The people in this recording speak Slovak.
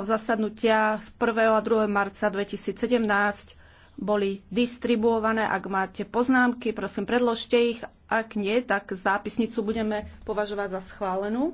zasadnutia z 1. a 2. marca 2017 boli distribuované. Ak máte poznámky, prosím, predložte ich. Ak nie, tak zápisnicu budeme považovať za schválenú.